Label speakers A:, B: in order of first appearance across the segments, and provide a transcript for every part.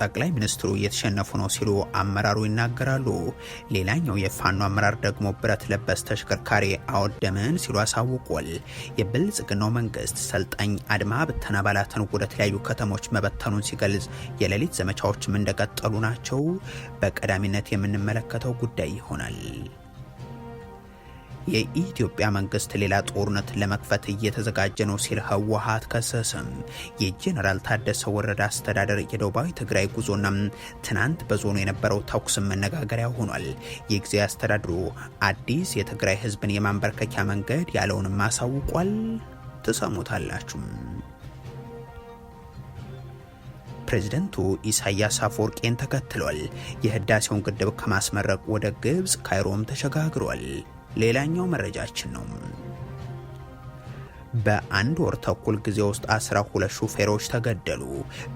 A: ጠቅላይ ሚኒስትሩ እየተሸነፉ ነው ሲሉ አመራሩ ይናገራሉ። ሌላኛው የፋኖ አመራር ደግሞ ብረት ለበስ ተሽከርካሪ አወደምን ሲሉ አሳውቋል። የብልጽግናው መንግስት ሰልጣኝ አድማ ብተና አባላትን ወደ ተለያዩ ከተሞች መበተኑን ሲገልጽ የሌሊት ዘመቻዎችም እንደቀጠሉ ናቸው። በቀዳሚነት የምንመለከተው ጉዳይ ይሆናል። የኢትዮጵያ መንግስት ሌላ ጦርነት ለመክፈት እየተዘጋጀ ነው ሲል ህወሓት ከሰስም የጄኔራል ታደሰ ወረደ አስተዳደር የደቡባዊ ትግራይ ጉዞና ትናንት በዞኑ የነበረው ተኩስ መነጋገሪያ ሆኗል። የጊዜ አስተዳድሩ አዲስ የትግራይ ህዝብን የማንበርከኪያ መንገድ ያለውንም አሳውቋል። ትሰሙታላችሁ። ፕሬዝደንቱ ኢሳያስ አፈወርቄን ተከትሏል። የህዳሴውን ግድብ ከማስመረቅ ወደ ግብፅ ካይሮም ተሸጋግሯል። ሌላኛው መረጃችን ነው። በአንድ ወር ተኩል ጊዜ ውስጥ አስራ ሁለት ሹፌሮች ተገደሉ።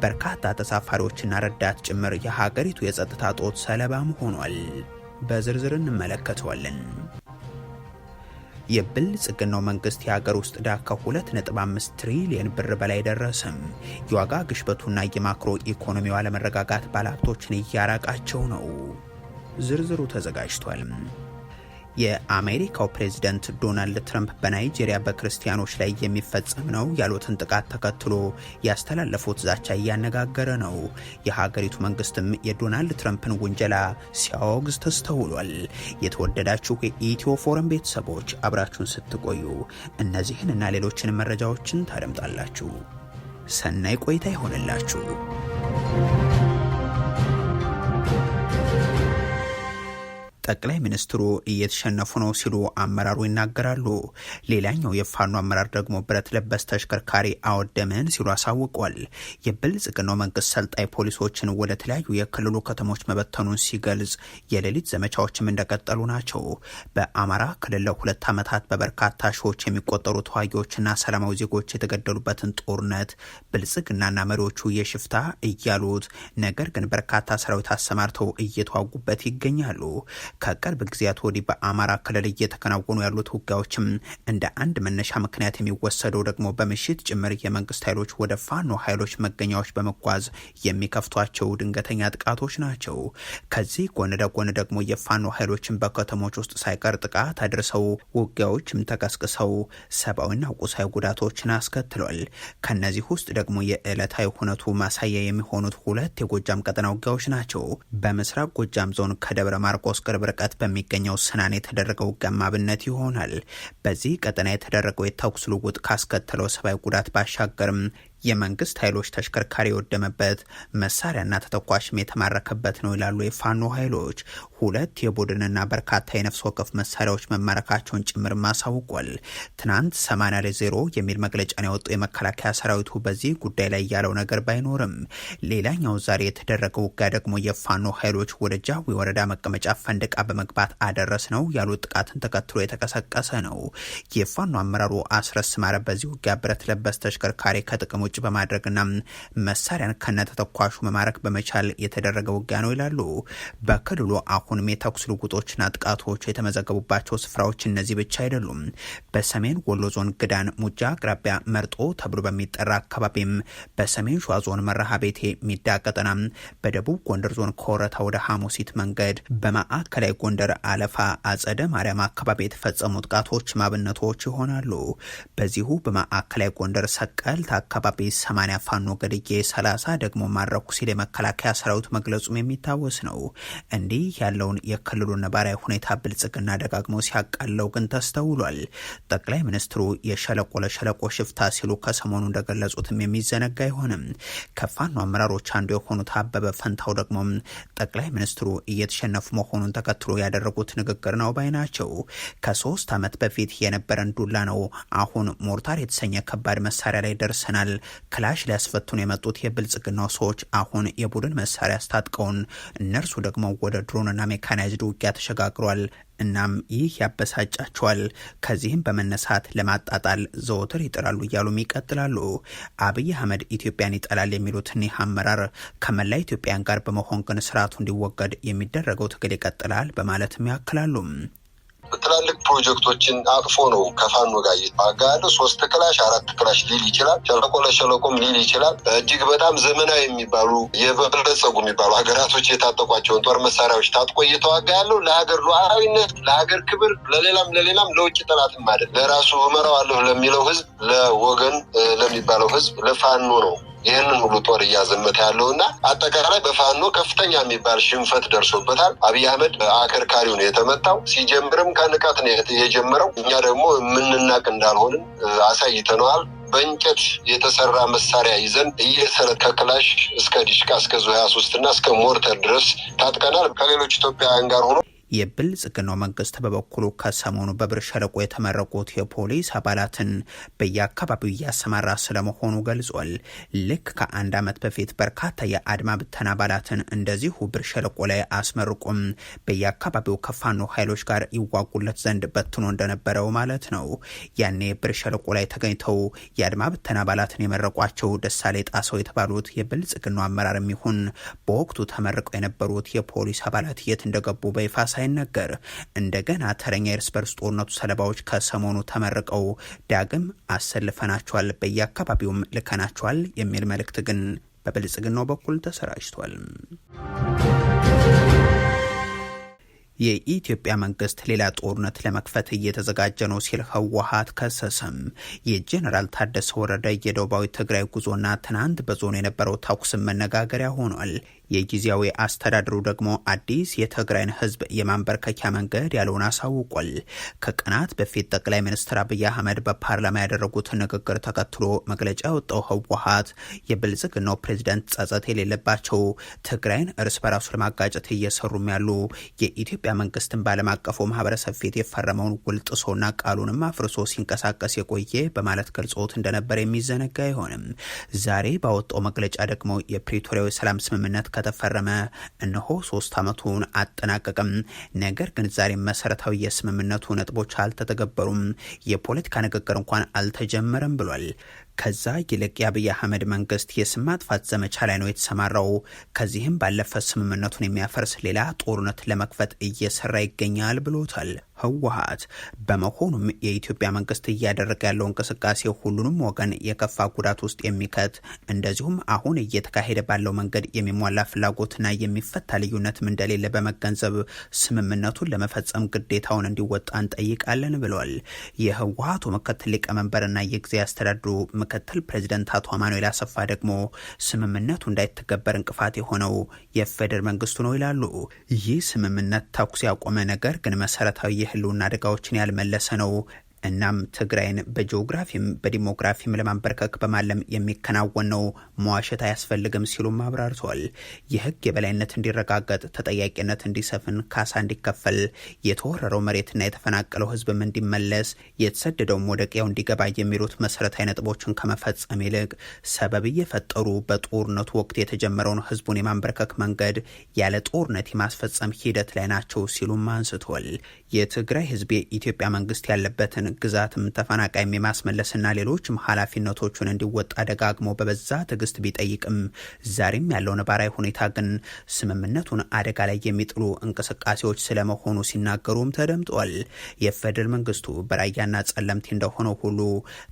A: በርካታ ተሳፋሪዎችና ረዳት ጭምር የሀገሪቱ የጸጥታ ጦት ሰለባም ሆኗል። በዝርዝር እንመለከተዋለን። የብልጽግናው መንግስት የሀገር ውስጥ ዕዳ ከ2.5 ትሪሊየን ብር በላይ ደረሰም። የዋጋ ግሽበቱና የማክሮ ኢኮኖሚው አለመረጋጋት ባለሀብቶችን እያራቃቸው ነው። ዝርዝሩ ተዘጋጅቷል። የአሜሪካው ፕሬዝደንት ዶናልድ ትራምፕ በናይጄሪያ በክርስቲያኖች ላይ የሚፈጸም ነው ያሉትን ጥቃት ተከትሎ ያስተላለፉት ዛቻ እያነጋገረ ነው። የሀገሪቱ መንግስትም የዶናልድ ትራምፕን ውንጀላ ሲያወግዝ ተስተውሏል። የተወደዳችሁ የኢትዮ ፎረም ቤተሰቦች አብራችሁን ስትቆዩ እነዚህን እና ሌሎችን መረጃዎችን ታደምጣላችሁ። ሰናይ ቆይታ ይሆንላችሁ። ጠቅላይ ሚኒስትሩ እየተሸነፉ ነው ሲሉ አመራሩ ይናገራሉ። ሌላኛው የፋኖ አመራር ደግሞ ብረት ለበስ ተሽከርካሪ አወደምን ሲሉ አሳውቋል። የብልጽግናው መንግስት ሰልጣኝ ፖሊሶችን ወደ ተለያዩ የክልሉ ከተሞች መበተኑን ሲገልጽ የሌሊት ዘመቻዎችም እንደቀጠሉ ናቸው። በአማራ ክልል ለሁለት ዓመታት በበርካታ ሺዎች የሚቆጠሩ ተዋጊዎችና ሰላማዊ ዜጎች የተገደሉበትን ጦርነት ብልጽግናና መሪዎቹ የሽፍታ እያሉት ነገር ግን በርካታ ሰራዊት አሰማርተው እየተዋጉበት ይገኛሉ። ከቅርብ ጊዜያት ወዲህ በአማራ ክልል እየተከናወኑ ያሉት ውጊያዎችም እንደ አንድ መነሻ ምክንያት የሚወሰደው ደግሞ በምሽት ጭምር የመንግስት ኃይሎች ወደ ፋኖ ኃይሎች መገኛዎች በመጓዝ የሚከፍቷቸው ድንገተኛ ጥቃቶች ናቸው። ከዚህ ጎን ለጎን ደግሞ የፋኖ ኃይሎችን በከተሞች ውስጥ ሳይቀር ጥቃት አድርሰው ውጊያዎችም ተቀስቅሰው ሰብአዊና ቁሳዊ ጉዳቶችን አስከትሏል። ከነዚህ ውስጥ ደግሞ የዕለታዊ ሁነቱ ማሳያ የሚሆኑት ሁለት የጎጃም ቀጠና ውጊያዎች ናቸው። በምስራቅ ጎጃም ዞን ከደብረ ማርቆስ ቅርብ ርቀት በሚገኘው ስናን የተደረገው ገማብነት ይሆናል። በዚህ ቀጠና የተደረገው የተኩስ ልውውጥ ካስከተለው ሰብአዊ ጉዳት ባሻገርም የመንግስት ኃይሎች ተሽከርካሪ የወደመበት መሳሪያና ተተኳሽም የተማረከበት ነው ይላሉ የፋኖ ኃይሎች። ሁለት የቡድንና በርካታ የነፍስ ወከፍ መሳሪያዎች መማረካቸውን ጭምር አሳውቋል። ትናንት 80 ለዜሮ የሚል መግለጫን ያወጡ የመከላከያ ሰራዊቱ በዚህ ጉዳይ ላይ ያለው ነገር ባይኖርም ሌላኛው ዛሬ የተደረገው ውጊያ ደግሞ የፋኖ ኃይሎች ወደ ጃዊ ወረዳ መቀመጫ ፈንድቃ በመግባት አደረስ ነው ያሉት ጥቃትን ተከትሎ የተቀሰቀሰ ነው። የፋኖ አመራሩ አስረስ ማረ በዚህ ውጊያ ብረት ለበስ ተሽከርካሪ ከጥቅሙ ውጭ በማድረግና መሳሪያን ከነ ተተኳሹ መማረክ በመቻል የተደረገ ውጊያ ነው ይላሉ። በክልሉ አሁንም የተኩስ ልውውጦችና ጥቃቶች የተመዘገቡባቸው ስፍራዎች እነዚህ ብቻ አይደሉም። በሰሜን ወሎ ዞን ግዳን ሙጃ አቅራቢያ መርጦ ተብሎ በሚጠራ አካባቢም፣ በሰሜን ሸዋ ዞን መረሃ ቤቴ ሚዳ ቀጠና፣ በደቡብ ጎንደር ዞን ከወረታ ወደ ሐሙሲት መንገድ፣ በማዕከላዊ ጎንደር አለፋ አጸደ ማርያም አካባቢ የተፈጸሙ ጥቃቶች ማብነቶች ይሆናሉ። በዚሁ በማዕከላዊ ጎንደር ሰቀልት አካባቢ አካባቢ 80 ፋኖ ገድዬ 30 ደግሞ ማረኩ ሲል የመከላከያ ሰራዊት መግለጹም የሚታወስ ነው። እንዲህ ያለውን የክልሉ ነባራዊ ሁኔታ ብልጽግና ደጋግሞ ሲያቃለው ግን ተስተውሏል። ጠቅላይ ሚኒስትሩ የሸለቆ ለሸለቆ ሽፍታ ሲሉ ከሰሞኑ እንደገለጹትም የሚዘነጋ አይሆንም። ከፋኖ አመራሮች አንዱ የሆኑት አበበ ፈንታው ደግሞ ጠቅላይ ሚኒስትሩ እየተሸነፉ መሆኑን ተከትሎ ያደረጉት ንግግር ነው ባይ ናቸው። ከሶስት ዓመት በፊት የነበረን ዱላ ነው፣ አሁን ሞርታር የተሰኘ ከባድ መሳሪያ ላይ ደርሰናል። ክላሽ ሊያስፈቱን የመጡት የብልጽግናው ሰዎች አሁን የቡድን መሳሪያ አስታጥቀውን እነርሱ ደግሞ ወደ ድሮንና ሜካናይዝድ ውጊያ ተሸጋግሯል። እናም ይህ ያበሳጫቸዋል። ከዚህም በመነሳት ለማጣጣል ዘወትር ይጥራሉ እያሉም ይቀጥላሉ። አብይ አህመድ ኢትዮጵያን ይጠላል የሚሉት እኒህ አመራር ከመላ ኢትዮጵያን ጋር በመሆን ግን ስርዓቱ እንዲወገድ የሚደረገው ትግል ይቀጥላል በማለትም ያክላሉ። ትላልቅ ፕሮጀክቶችን አቅፎ ነው ከፋኖ ጋር እየተዋጋ ያለ። ሶስት ክላሽ አራት ክላሽ ሊል ይችላል፣ ሸለቆ ለሸለቆም ሊል ይችላል። እጅግ በጣም ዘመናዊ የሚባሉ የበለጸጉ የሚባሉ ሀገራቶች የታጠቋቸውን ጦር መሳሪያዎች ታጥቆ እየተዋጋ ያለው ለሀገር ሉዓላዊነት፣ ለሀገር ክብር፣ ለሌላም ለሌላም ለውጭ ጠላት ማደ ለራሱ እመራዋለሁ ለሚለው ህዝብ፣ ለወገን ለሚባለው ህዝብ ለፋኖ ነው። ይህንን ሙሉ ጦር እያዘመተ ያለው እና አጠቃላይ በፋኖ ከፍተኛ የሚባል ሽንፈት ደርሶበታል። አብይ አህመድ አከርካሪው ነው የተመታው። ሲጀምርም ከንቀት ነው የጀመረው። እኛ ደግሞ የምንናቅ እንዳልሆንን አሳይተነዋል። በእንጨት የተሰራ መሳሪያ ይዘን እየሰረት ከክላሽ እስከ ዲሽቃ እስከ ዙ ሀያ ሶስት እና እስከ ሞርተር ድረስ ታጥቀናል። ከሌሎች ኢትዮጵያውያን ጋር ሆኖ የብልጽግናው መንግስት በበኩሉ ከሰሞኑ በብር ሸለቆ የተመረቁት የፖሊስ አባላትን በየአካባቢው እያሰማራ ስለመሆኑ ገልጿል። ልክ ከአንድ ዓመት በፊት በርካታ የአድማ ብተና አባላትን እንደዚሁ ብር ሸለቆ ላይ አስመርቁም በየአካባቢው ከፋኖ ኃይሎች ጋር ይዋጉለት ዘንድ በትኖ እንደነበረው ማለት ነው። ያኔ ብር ሸለቆ ላይ ተገኝተው የአድማ ብተና አባላትን የመረቋቸው ደሳሌ ጣሰው የተባሉት የብልጽግናው አመራር የሚሆን በወቅቱ ተመርቀው የነበሩት የፖሊስ አባላት የት እንደገቡ በይፋ ሳይነገር እንደገና ተረኛ የእርስ በርስ ጦርነቱ ሰለባዎች ከሰሞኑ ተመርቀው ዳግም አሰልፈናቸዋል፣ በየአካባቢውም ልከናቸዋል የሚል መልእክት ግን በብልጽግናው በኩል ተሰራጭቷል። የኢትዮጵያ መንግስት ሌላ ጦርነት ለመክፈት እየተዘጋጀ ነው ሲል ህወሀት ከሰሰም። የጄኔራል ታደሰ ወረደ የደቡባዊ ትግራይ ጉዞና ትናንት በዞኑ የነበረው ተኩስም መነጋገሪያ ሆኗል። የጊዜያዊ አስተዳደሩ ደግሞ አዲስ የትግራይን ህዝብ የማንበርከኪያ መንገድ ያለውን አሳውቋል። ከቀናት በፊት ጠቅላይ ሚኒስትር አብይ አህመድ በፓርላማ ያደረጉትን ንግግር ተከትሎ መግለጫ ወጣው ህወሀት የብልጽግናው ፕሬዚደንት ጸጸት የሌለባቸው ትግራይን እርስ በራሱ ለማጋጨት እየሰሩም ያሉ የኢትዮጵያ መንግስትን በዓለም አቀፉ ማህበረሰብ ፊት የፈረመውን ውልጥሶና ቃሉንም አፍርሶ ሲንቀሳቀስ የቆየ በማለት ገልጾት እንደነበር የሚዘነጋ አይሆንም። ዛሬ ባወጣው መግለጫ ደግሞ የፕሪቶሪያዊ ሰላም ስምምነት ከተፈረመ እነሆ ሶስት ዓመቱን አጠናቀቅም። ነገር ግን ዛሬ መሰረታዊ የስምምነቱ ነጥቦች አልተተገበሩም፣ የፖለቲካ ንግግር እንኳን አልተጀመረም ብሏል። ከዛ ይልቅ የአብይ አህመድ መንግስት የስም ማጥፋት ዘመቻ ላይ ነው የተሰማራው። ከዚህም ባለፈ ስምምነቱን የሚያፈርስ ሌላ ጦርነት ለመክፈት እየሰራ ይገኛል ብሎታል። ህወሀት በመሆኑም የኢትዮጵያ መንግስት እያደረገ ያለው እንቅስቃሴ ሁሉንም ወገን የከፋ ጉዳት ውስጥ የሚከት እንደዚሁም አሁን እየተካሄደ ባለው መንገድ የሚሟላ ፍላጎትና የሚፈታ ልዩነትም እንደሌለ በመገንዘብ ስምምነቱን ለመፈጸም ግዴታውን እንዲወጣ እንጠይቃለን ብሏል። የህወሀቱ ምክትል ሊቀመንበርና የጊዜ አስተዳድሩ ምክትል ፕሬዚደንት አቶ አማኑኤል አሰፋ ደግሞ ስምምነቱ እንዳይተገበር እንቅፋት የሆነው የፌዴራል መንግስቱ ነው ይላሉ። ይህ ስምምነት ተኩስ ያቆመ ነገር ግን መሰረታዊ ህልውና አደጋዎችን ያልመለሰ ነው። እናም ትግራይን በጂኦግራፊም በዲሞግራፊም ለማንበርከክ በማለም የሚከናወን ነው፣ መዋሸት አያስፈልግም ሲሉም አብራርተዋል። የህግ የበላይነት እንዲረጋገጥ፣ ተጠያቂነት እንዲሰፍን፣ ካሳ እንዲከፈል፣ የተወረረው መሬትና የተፈናቀለው ህዝብም እንዲመለስ፣ የተሰደደውም ወደ እንዲገባ የሚሉት መሰረታዊ ነጥቦችን ከመፈጸም ይልቅ ሰበብ እየፈጠሩ በጦርነቱ ወቅት የተጀመረውን ህዝቡን የማንበርከክ መንገድ ያለ ጦርነት የማስፈጸም ሂደት ላይ ናቸው ሲሉም አንስተዋል። የትግራይ ህዝብ የኢትዮጵያ መንግስት ያለበትን ግዛትም ተፈናቃይም የማስመለስና ሌሎችም ኃላፊነቶቹን እንዲወጣ ደጋግሞ በበዛ ትዕግስት ቢጠይቅም ዛሬም ያለው ነባራዊ ሁኔታ ግን ስምምነቱን አደጋ ላይ የሚጥሉ እንቅስቃሴዎች ስለመሆኑ ሲናገሩም ተደምጧል። የፌደራል መንግስቱ በራያና ጸለምቲ እንደሆነው ሁሉ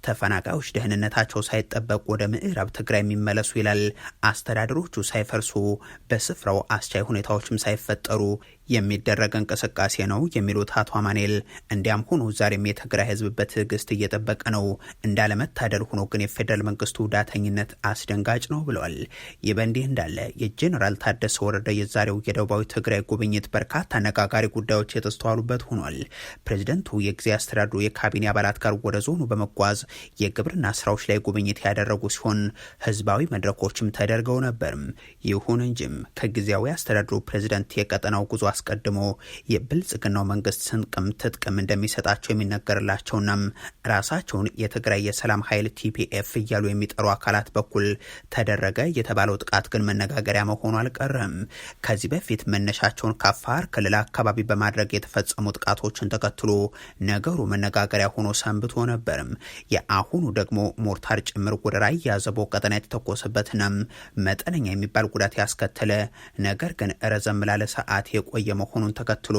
A: ተፈናቃዮች ደህንነታቸው ሳይጠበቅ ወደ ምዕራብ ትግራይ የሚመለሱ ይላል። አስተዳደሮቹ ሳይፈርሱ በስፍራው አስቻይ ሁኔታዎችም ሳይፈጠሩ የሚደረግ እንቅስቃሴ ነው የሚሉት አቶ አማኔል እንዲያም ሆኖ ዛሬም የትግራይ ህዝብ በትዕግስት እየጠበቀ ነው። እንዳለመታደል ሆኖ ግን የፌዴራል መንግስቱ ዳተኝነት አስደንጋጭ ነው ብለዋል። ይህ በእንዲህ እንዳለ የጄኔራል ታደሰ ወረደ የዛሬው የደቡባዊ ትግራይ ጉብኝት በርካታ አነጋጋሪ ጉዳዮች የተስተዋሉበት ሆኗል። ፕሬዚደንቱ የጊዜ አስተዳድሩ የካቢኔ አባላት ጋር ወደ ዞኑ በመጓዝ የግብርና ስራዎች ላይ ጉብኝት ያደረጉ ሲሆን ህዝባዊ መድረኮችም ተደርገው ነበርም። ይሁን እንጂም ከጊዜያዊ አስተዳድሩ ፕሬዚደንት የቀጠናው ጉዞ አስቀድሞ የብልጽግናው መንግስት ስንቅም ትጥቅም እንደሚሰጣቸው የሚነገርላቸውናም ራሳቸውን የትግራይ የሰላም ኃይል ቲፒኤፍ እያሉ የሚጠሩ አካላት በኩል ተደረገ የተባለው ጥቃት ግን መነጋገሪያ መሆኑ አልቀረም። ከዚህ በፊት መነሻቸውን ከአፋር ክልል አካባቢ በማድረግ የተፈጸሙ ጥቃቶችን ተከትሎ ነገሩ መነጋገሪያ ሆኖ ሰንብቶ ነበርም። የአሁኑ ደግሞ ሞርታር ጭምር ወደ ራያ ቀጠና የተተኮሰበትናም መጠነኛ የሚባል ጉዳት ያስከተለ ነገር ግን ረዘም ላለ ሰዓት የቆየ የመሆኑን መሆኑን ተከትሎ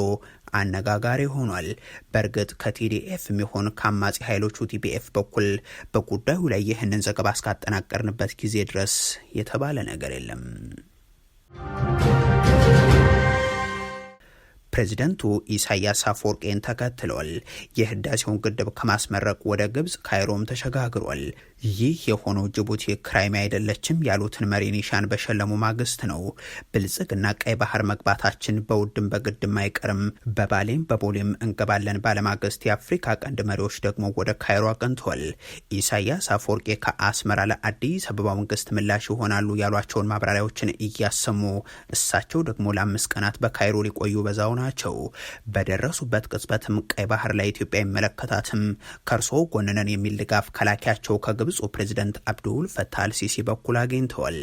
A: አነጋጋሪ ሆኗል። በእርግጥ ከቲዲኤፍ የሚሆን ከአማጺ ኃይሎቹ ቲቢኤፍ በኩል በጉዳዩ ላይ ይህንን ዘገባ እስካጠናቀርንበት ጊዜ ድረስ የተባለ ነገር የለም። ፕሬዚደንቱ ኢሳያስ አፈወርቄን ተከትለዋል። የህዳሴውን ግድብ ከማስመረቅ ወደ ግብፅ ካይሮም ተሸጋግሯል። ይህ የሆነው ጅቡቲ ክራይሚያ አይደለችም ያሉትን መሪ ኒሻን በሸለሙ ማግስት ነው። ብልጽግና ቀይ ባህር መግባታችን በውድም በግድም አይቀርም፣ በባሌም በቦሌም እንገባለን ባለማግስት የአፍሪካ ቀንድ መሪዎች ደግሞ ወደ ካይሮ አቅንቷል። ኢሳያስ አፈወርቄ ከአስመራ ለአዲስ አበባ መንግስት ምላሽ ይሆናሉ ያሏቸውን ማብራሪያዎችን እያሰሙ እሳቸው ደግሞ ለአምስት ቀናት በካይሮ ሊቆዩ በዛው ናቸው። በደረሱበት ቅጽበትም ቀይ ባህር ላይ ኢትዮጵያ ይመለከታትም ከእርሶ ጎንነን የሚል ድጋፍ ከላኪያቸው ከግብ በግብፁ ፕሬዚደንት አብዱል ፈታህ አልሲሲ በኩል አግኝተዋል።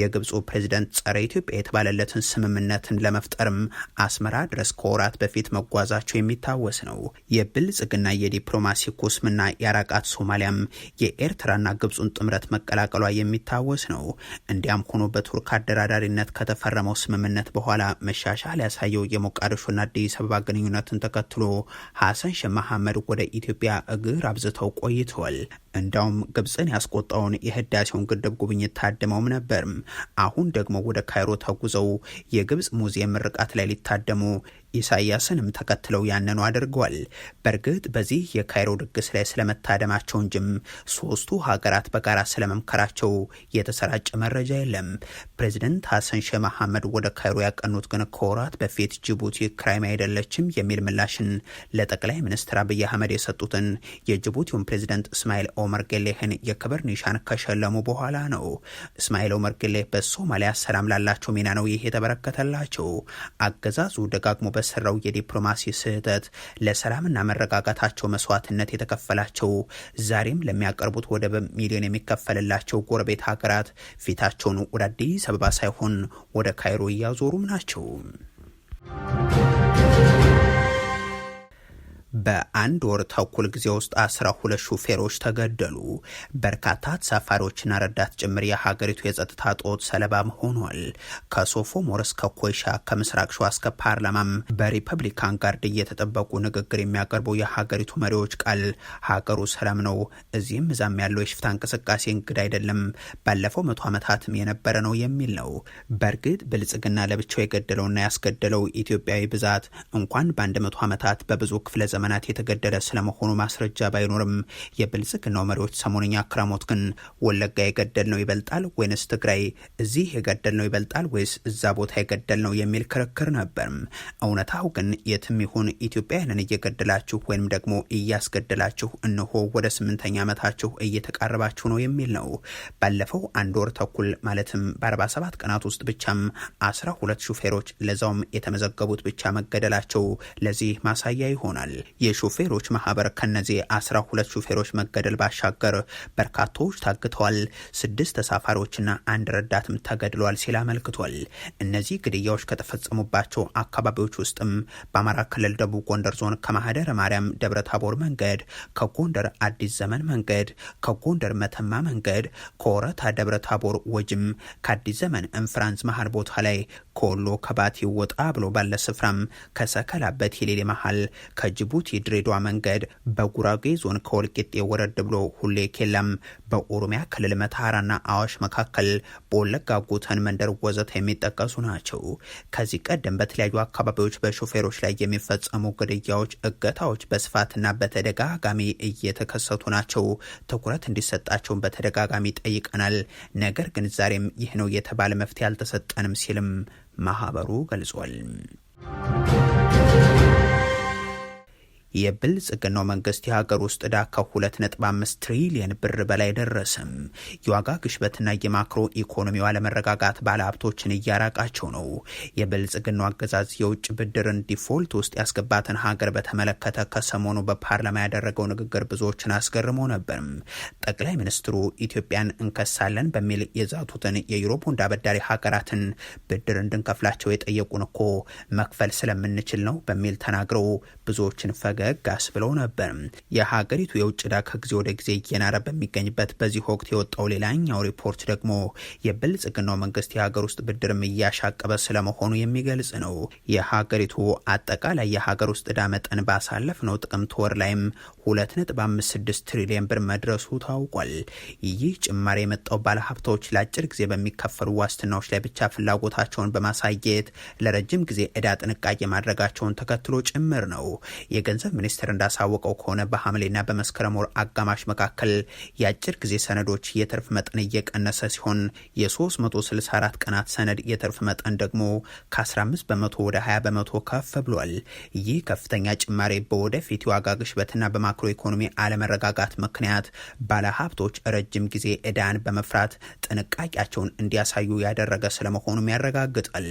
A: የግብፁ ፕሬዚደንት ጸረ ኢትዮጵያ የተባለለትን ስምምነትን ለመፍጠርም አስመራ ድረስ ከወራት በፊት መጓዛቸው የሚታወስ ነው። የብልጽግና የዲፕሎማሲ ኩስምና የአራቃት ሶማሊያም የኤርትራና ግብፁን ጥምረት መቀላቀሏ የሚታወስ ነው። እንዲያም ሆኖ በቱርክ አደራዳሪነት ከተፈረመው ስምምነት በኋላ መሻሻል ያሳየው የሞቃዲሾና አዲስ አበባ ግንኙነትን ተከትሎ ሐሰን ሼህ መሐመድ ወደ ኢትዮጵያ እግር አብዝተው ቆይተዋል። እንዲያውም ግብ ግብፅን ያስቆጣውን የህዳሴውን ግድብ ጉብኝት ታድመውም ነበር። አሁን ደግሞ ወደ ካይሮ ተጉዘው የግብፅ ሙዚየም ምርቃት ላይ ሊታደሙ ኢሳያስንም ተከትለው ያንኑ አድርገዋል። በእርግጥ በዚህ የካይሮ ድግስ ላይ ስለመታደማቸው እንጂም ሶስቱ ሀገራት በጋራ ስለመምከራቸው የተሰራጨ መረጃ የለም። ፕሬዚደንት ሐሰን ሼህ መሐመድ ወደ ካይሮ ያቀኑት ግን ከወራት በፊት ጅቡቲ ክራይም አይደለችም የሚል ምላሽን ለጠቅላይ ሚኒስትር አብይ አህመድ የሰጡትን የጅቡቲውን ፕሬዚደንት እስማኤል ኦመር ጌሌህን የክብር ኒሻን ከሸለሙ በኋላ ነው። እስማኤል ኦመር ጌሌህ በሶማሊያ ሰላም ላላቸው ሚና ነው ይህ የተበረከተላቸው። አገዛዙ ደጋግሞ በሰራው የዲፕሎማሲ ስህተት ለሰላምና መረጋጋታቸው መስዋዕትነት የተከፈላቸው ዛሬም ለሚያቀርቡት ወደ ሚሊዮን የሚከፈልላቸው ጎረቤት ሀገራት ፊታቸውን ወደ አዲስ አበባ ሳይሆን ወደ ካይሮ እያዞሩም ናቸው። በአንድ ወር ተኩል ጊዜ ውስጥ አስራ ሁለት ሹፌሮች ተገደሉ። በርካታ ተሳፋሪዎችና ረዳት ጭምር የሀገሪቱ የጸጥታ ጦት ሰለባ ሆኗል። ከሶፎሞር እስከ ኮይሻ፣ ከምስራቅ ሸዋ እስከ ፓርላማም በሪፐብሊካን ጋርድ እየተጠበቁ ንግግር የሚያቀርቡ የሀገሪቱ መሪዎች ቃል ሀገሩ ሰላም ነው፣ እዚህም እዛም ያለው የሽፍታ እንቅስቃሴ እንግዳ አይደለም፣ ባለፈው መቶ ዓመታትም የነበረ ነው የሚል ነው። በእርግጥ ብልጽግና ለብቻው የገደለውና ያስገደለው ኢትዮጵያዊ ብዛት እንኳን በአንድ መቶ ዓመታት በብዙ ክፍለ ዘመናት የተገደለ ስለመሆኑ ማስረጃ ባይኖርም የብልጽግናው መሪዎች ሰሞንኛ አክራሞት ግን ወለጋ የገደል ነው ይበልጣል ወይንስ ትግራይ እዚህ የገደል ነው ይበልጣል ወይስ እዛ ቦታ የገደል ነው የሚል ክርክር ነበር። እውነታው ግን የትም ይሁን ኢትዮጵያውያንን እየገደላችሁ ወይም ደግሞ እያስገደላችሁ እነሆ ወደ ስምንተኛ ዓመታችሁ እየተቃረባችሁ ነው የሚል ነው። ባለፈው አንድ ወር ተኩል ማለትም በ47 ቀናት ውስጥ ብቻም 12 ሹፌሮች ለዛውም የተመዘገቡት ብቻ መገደላቸው ለዚህ ማሳያ ይሆናል። የሾፌሮች ማህበር ከነዚህ አስራ ሁለት ሾፌሮች መገደል ባሻገር በርካታዎች ታግተዋል፣ ስድስት ተሳፋሪዎችና አንድ ረዳትም ተገድለዋል ሲል አመልክቷል። እነዚህ ግድያዎች ከተፈጸሙባቸው አካባቢዎች ውስጥም በአማራ ክልል ደቡብ ጎንደር ዞን ከማህደረ ማርያም ደብረ ታቦር መንገድ፣ ከጎንደር አዲስ ዘመን መንገድ፣ ከጎንደር መተማ መንገድ፣ ከወረታ ደብረ ታቦር ወጅም፣ ከአዲስ ዘመን እንፍራንስ መሀል ቦታ ላይ ከወሎ ከባቴ ወጣ ብሎ ባለ ስፍራም ከሰከላ በቴሌሌ መሀል ከጅቡ የሚገኙት የድሬዳዋ መንገድ በጉራጌ ዞን ከወልቂጤ ወረድ ብሎ ሁሌ ኬለም፣ በኦሮሚያ ክልል መተሃራና አዋሽ መካከል፣ በወለጋ ጉተን መንደር ወዘተ የሚጠቀሱ ናቸው። ከዚህ ቀደም በተለያዩ አካባቢዎች በሾፌሮች ላይ የሚፈጸሙ ግድያዎች፣ እገታዎች በስፋትና በተደጋጋሚ እየተከሰቱ ናቸው። ትኩረት እንዲሰጣቸውን በተደጋጋሚ ጠይቀናል። ነገር ግን ዛሬም ይህ ነው የተባለ መፍትሄ አልተሰጠንም ሲልም ማህበሩ ገልጿል። የብልጽግናው መንግስት የሀገር ውስጥ ዕዳ ከ2.5 ትሪሊየን ብር በላይ ደረሰም። የዋጋ ግሽበትና የማክሮ ኢኮኖሚው አለመረጋጋት ባለሀብቶችን እያራቃቸው ነው። የብልጽግናው አገዛዝ የውጭ ብድርን ዲፎልት ውስጥ ያስገባትን ሀገር በተመለከተ ከሰሞኑ በፓርላማ ያደረገው ንግግር ብዙዎችን አስገርሞ ነበርም። ጠቅላይ ሚኒስትሩ ኢትዮጵያን እንከሳለን በሚል የዛቱትን የዩሮ ቦንድ አበዳሪ ሀገራትን ብድር እንድንከፍላቸው የጠየቁን እኮ መክፈል ስለምንችል ነው በሚል ተናግረው ብዙዎችን ፈገ ፈገግ አስብሎ ነበር። የሀገሪቱ የውጭ ዕዳ ከጊዜ ወደ ጊዜ እየናረ በሚገኝበት በዚህ ወቅት የወጣው ሌላኛው ሪፖርት ደግሞ የብልጽግናው መንግስት የሀገር ውስጥ ብድርም እያሻቀበ ስለመሆኑ የሚገልጽ ነው። የሀገሪቱ አጠቃላይ የሀገር ውስጥ ዕዳ መጠን ባሳለፍ ነው ጥቅምት ወር ላይም 2.56 ትሪሊየን ብር መድረሱ ታውቋል። ይህ ጭማሪ የመጣው ባለሀብታዎች ለአጭር ጊዜ በሚከፈሉ ዋስትናዎች ላይ ብቻ ፍላጎታቸውን በማሳየት ለረጅም ጊዜ ዕዳ ጥንቃቄ ማድረጋቸውን ተከትሎ ጭምር ነው። የገንዘብ ሚኒስቴር እንዳሳወቀው ከሆነ በሐምሌና በመስከረም ወር አጋማሽ መካከል የአጭር ጊዜ ሰነዶች የትርፍ መጠን እየቀነሰ ሲሆን የ364 ቀናት ሰነድ የትርፍ መጠን ደግሞ ከ15 በመቶ ወደ 20 በመቶ ከፍ ብሏል። ይህ ከፍተኛ ጭማሬ በወደፊት የዋጋ ግሽበትና በማክሮ ኢኮኖሚ አለመረጋጋት ምክንያት ባለሀብቶች ረጅም ጊዜ እዳን በመፍራት ጥንቃቄያቸውን እንዲያሳዩ ያደረገ ስለመሆኑም ያረጋግጣል።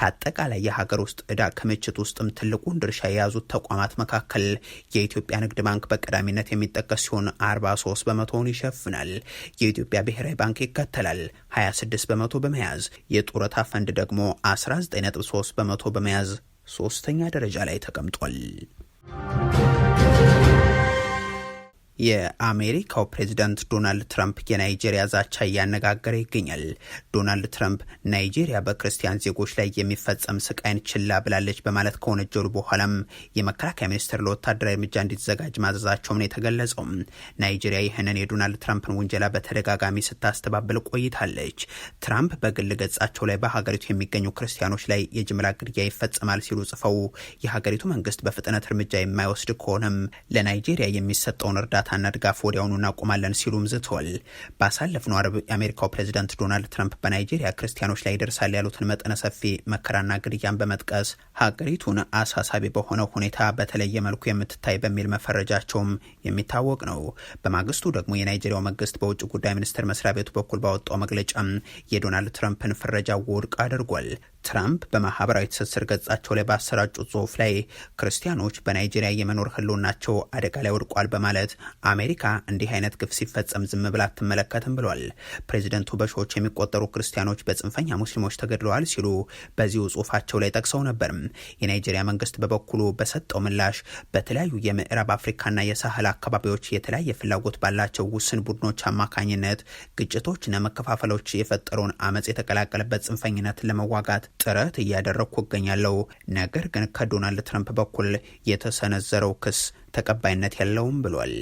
A: ከአጠቃላይ የሀገር ውስጥ እዳ ክምችት ውስጥም ትልቁን ድርሻ የያዙት ተቋማት መካከል ያህል የኢትዮጵያ ንግድ ባንክ በቀዳሚነት የሚጠቀስ ሲሆን 43 በመቶውን ይሸፍናል። የኢትዮጵያ ብሔራዊ ባንክ ይከተላል 26 በመቶ በመያዝ የጡረታ ፈንድ ደግሞ 19.3 በመቶ በመያዝ ሶስተኛ ደረጃ ላይ ተቀምጧል። የአሜሪካው ፕሬዚዳንት ዶናልድ ትራምፕ የናይጄሪያ ዛቻ እያነጋገረ ይገኛል። ዶናልድ ትራምፕ ናይጄሪያ በክርስቲያን ዜጎች ላይ የሚፈጸም ስቃይን ችላ ብላለች በማለት ከወነጀሉ በኋላም የመከላከያ ሚኒስትር ለወታደራዊ እርምጃ እንዲዘጋጅ ማዘዛቸውም ነው የተገለጸው። ናይጄሪያ ይህንን የዶናልድ ትራምፕን ውንጀላ በተደጋጋሚ ስታስተባብል ቆይታለች። ትራምፕ በግል ገጻቸው ላይ በሀገሪቱ የሚገኙ ክርስቲያኖች ላይ የጅምላ ግድያ ይፈጸማል ሲሉ ጽፈው የሀገሪቱ መንግስት በፍጥነት እርምጃ የማይወስድ ከሆነም ለናይጄሪያ የሚሰጠውን እርዳታ እርዳታና ድጋፍ ወዲያውኑ እናቆማለን ሲሉም ዝተዋል። ባሳለፍነው አርብ የአሜሪካው ፕሬዚደንት ዶናልድ ትራምፕ በናይጄሪያ ክርስቲያኖች ላይ ይደርሳል ያሉትን መጠነ ሰፊ መከራና ግድያን በመጥቀስ ሀገሪቱን አሳሳቢ በሆነ ሁኔታ በተለየ መልኩ የምትታይ በሚል መፈረጃቸውም የሚታወቅ ነው። በማግስቱ ደግሞ የናይጄሪያው መንግስት በውጭ ጉዳይ ሚኒስቴር መስሪያ ቤቱ በኩል ባወጣው መግለጫ የዶናልድ ትራምፕን ፍረጃ ውድቅ አድርጓል። ትራምፕ በማህበራዊ ትስስር ገጻቸው ላይ ባሰራጩ ጽሁፍ ላይ ክርስቲያኖች በናይጄሪያ የመኖር ህልውናቸው አደጋ ላይ ወድቋል በማለት አሜሪካ እንዲህ አይነት ግፍ ሲፈጸም ዝም ብላ አትመለከትም ብሏል። ፕሬዚደንቱ በሺዎች የሚቆጠሩ ክርስቲያኖች በጽንፈኛ ሙስሊሞች ተገድለዋል ሲሉ በዚሁ ጽሁፋቸው ላይ ጠቅሰው ነበር። የናይጄሪያ መንግስት በበኩሉ በሰጠው ምላሽ በተለያዩ የምዕራብ አፍሪካና የሳህል አካባቢዎች የተለያየ ፍላጎት ባላቸው ውስን ቡድኖች አማካኝነት ግጭቶችና መከፋፈሎች የፈጠረውን አመፅ የተቀላቀለበት ጽንፈኝነት ለመዋጋት ጥረት እያደረግኩ እገኛለሁ። ነገር ግን ከዶናልድ ትረምፕ በኩል የተሰነዘረው ክስ ተቀባይነት የለውም ብሏል።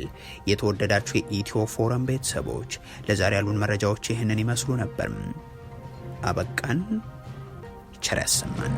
A: የተወደዳችሁ የኢትዮ ፎረም ቤተሰቦች ለዛሬ ያሉን መረጃዎች ይህንን ይመስሉ ነበር። አበቃን። ቸር ያሰማን።